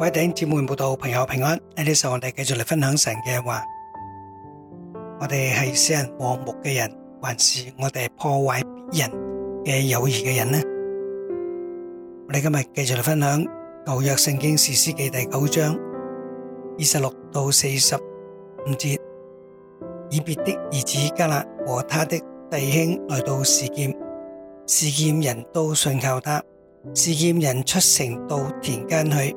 各位弟兄姊妹，聽眾朋友平安。喺呢度我哋繼續嚟分享神嘅話。我哋係使人和睦嘅人，還是我哋破壞別人嘅友誼嘅人呢？我哋今日繼續嚟分享舊約聖經士師記第九章二十六到四十五節。以別的兒子迦勒和他的弟兄來到示劍，示劍人都信靠他。示劍人出城到田間去。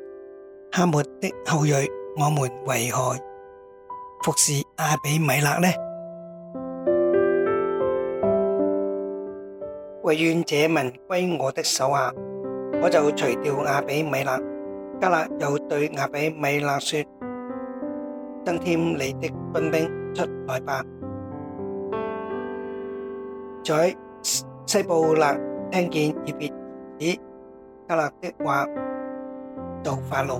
哈莫的後裔，我們為何服侍亞比米勒呢？唯願這民歸我的手下，我就除掉亞比米勒。迦勒又對亞比米勒說：增添你的軍兵出來吧。在西布勒聽見以別的兒子迦勒的話，就發怒。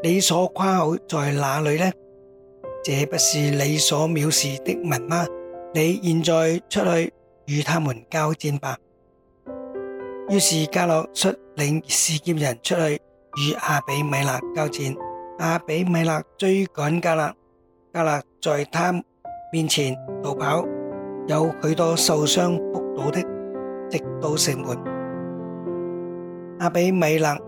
你所誇口在哪裏呢？這不是你所藐視的民嗎？你現在出去與他們交戰吧。於是迦勒率領示劍人出去與阿比米勒交戰。阿比米勒追趕迦勒，迦勒在他面前逃跑，有許多受傷仆倒的，直到城門。阿比米勒。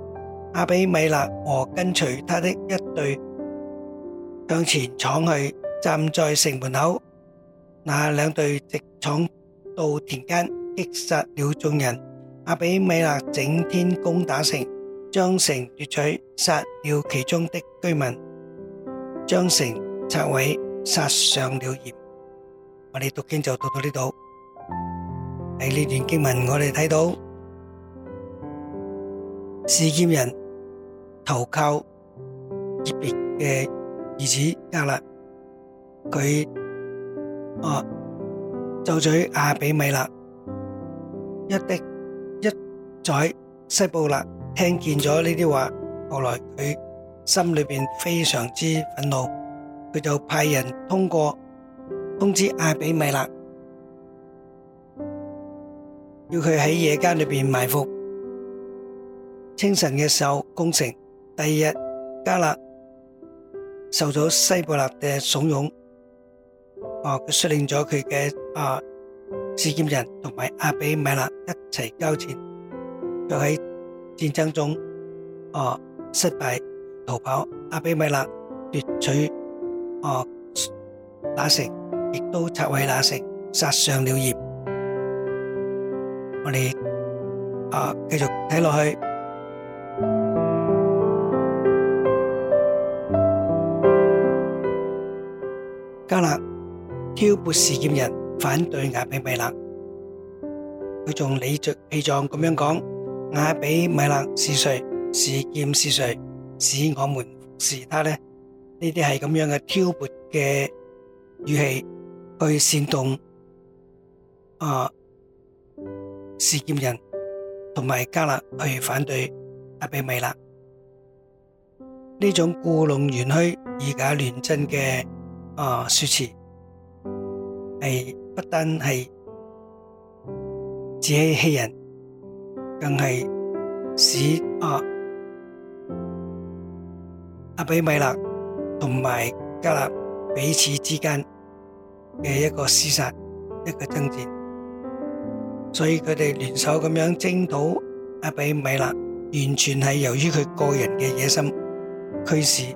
阿比米勒和跟隨他的一隊向前闖去，站在城門口，那兩隊直闖到田間，擊殺了眾人。阿比米勒整天攻打城，將城奪取，殺了其中的居民，將城拆毀，殺上了鹽。我哋讀經就讀到呢度。喺呢段經文，我哋睇到事件人。投靠耶別嘅兒子迦勒，佢啊就住亞比米勒，一的一在西布勒聽見咗呢啲話，後來佢心裏邊非常之憤怒，佢就派人通過通知亞比米勒，要佢喺夜間裏邊埋伏，清晨嘅時候攻城。第二日，加勒受咗西布納嘅慫恿，哦，佢率領咗佢嘅啊示劍人同埋阿比米勒一齊交戰，卻喺戰爭中哦失敗逃跑。阿比米勒奪取哦那城，亦都拆毀那城，撒上了鹽。我哋啊繼續睇落去。挑撥示劍人反對亞比米勒，佢仲理直氣壯咁樣講：亞比米勒是誰？示劍是誰？使我們是他呢？呢啲係咁樣嘅挑撥嘅語氣去煽動啊！示劍人同埋加勒去反對亞比米勒，呢種故弄玄虛、以假亂真嘅啊說辭。係不單係自欺欺人，更係使阿阿比米勒同埋加納彼此之間嘅一個厮殺、一個爭戰。所以佢哋聯手咁樣征討阿比米勒，完全係由於佢個人嘅野心驅使。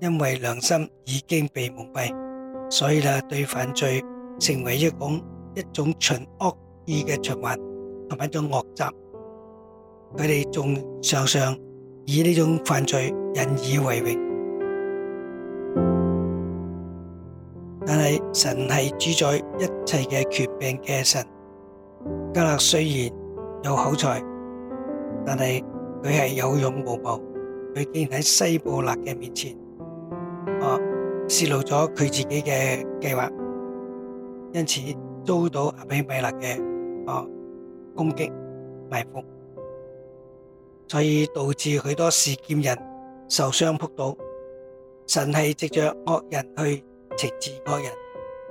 因為良心已經被蒙蔽，所以啦，對犯罪成為一種一種存惡意嘅循環同埋一種惡習，佢哋仲常常以呢種犯罪引以為榮。但係神係主宰一切嘅權柄嘅神。加勒雖然有口才，但係佢係有勇無謀，佢竟然喺西布勒嘅面前。.洩露咗佢自己嘅計劃，因此遭到阿比米，米勒嘅、啊、攻擊埋伏，所以導致許多示劍人受傷撲倒。神係藉着惡人去懲治惡人，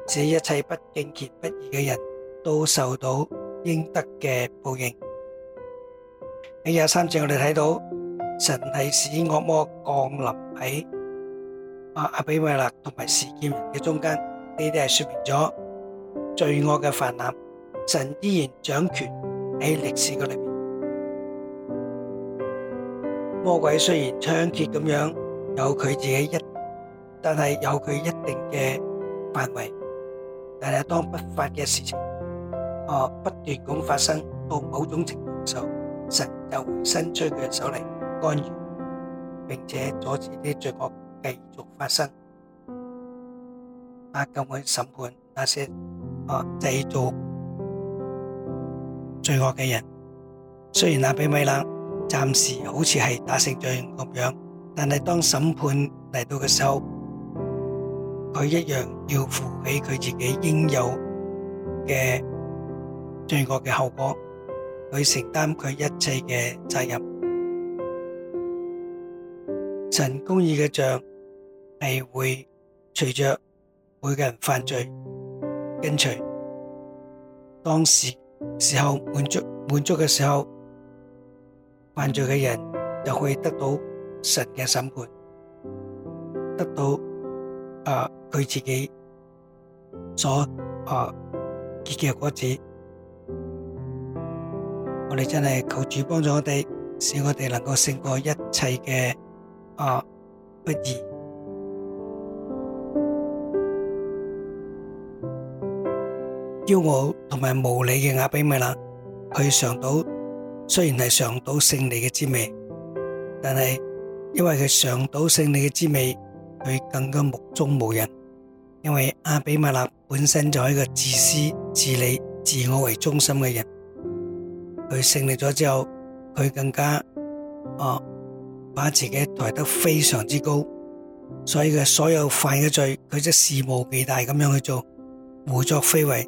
使一切不敬虔不義嘅人都受到應得嘅報應。喺廿三節我哋睇到神係使惡魔降臨喺。啊！阿比米勒同埋事件人嘅中間，呢啲係說明咗罪惡嘅泛濫，神依然掌權喺歷史嘅裏面。魔鬼雖然猖獗咁樣，有佢自己一，但係有佢一定嘅範圍。但係當不法嘅事情，啊，不斷咁發生到某種程度嘅時候，神就會伸出佢嘅手嚟干預，並且阻止啲罪惡。繼續發生，阿教會審判那些製造罪惡嘅人。雖然阿比米勒暫時好似係打勝仗咁樣，但係當審判嚟到嘅時候，佢一樣要負起佢自己應有嘅罪惡嘅後果，去承擔佢一切嘅責任。神公義嘅像。係會隨着每個人犯罪跟隨，當時時候滿足滿足嘅時候，犯罪嘅人就可以得到神嘅審判，得到啊佢自己所啊結嘅果子。我哋真係求主幫助我哋，使我哋能夠勝過一切嘅啊不義。驕傲同埋無理嘅亞比米勒去嘗到，雖然係嘗到勝利嘅滋味，但係因為佢嘗到勝利嘅滋味，佢更加目中無人。因為亞比米勒本身就係一個自私、自利、自我為中心嘅人，佢勝利咗之後，佢更加啊把自己抬得非常之高，所以佢所有犯嘅罪，佢都肆無忌憚咁樣去做，胡作非為。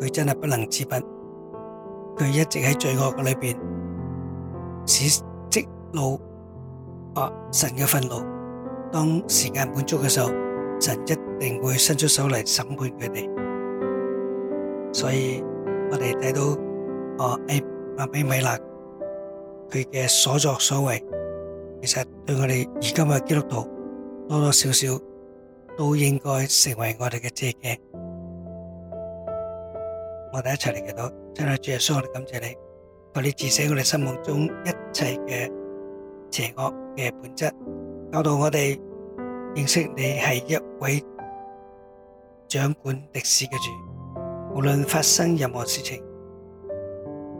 佢真係不能自拔，佢一直喺罪惡嘅裏邊，使積怒啊，神嘅憤怒。當時間滿足嘅時候，神一定會伸出手嚟審判佢哋。所以我哋睇到啊 A 阿比米勒佢嘅所作所為，其實對我哋而家嘅基督徒多多少少都應該成為我哋嘅借鏡。我哋一齊嚟祈禱，親愛主耶穌，我哋感謝你，求你治死我哋心目中一切嘅邪惡嘅本質，教導我哋認識你係一位掌管歷史嘅主，無論發生任何事情，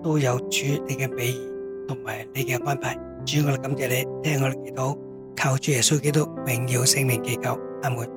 都有主你嘅美意同埋你嘅安排。主，我哋感謝你，聽我哋祈禱，靠主耶穌基督榮耀聖名祈求，阿門。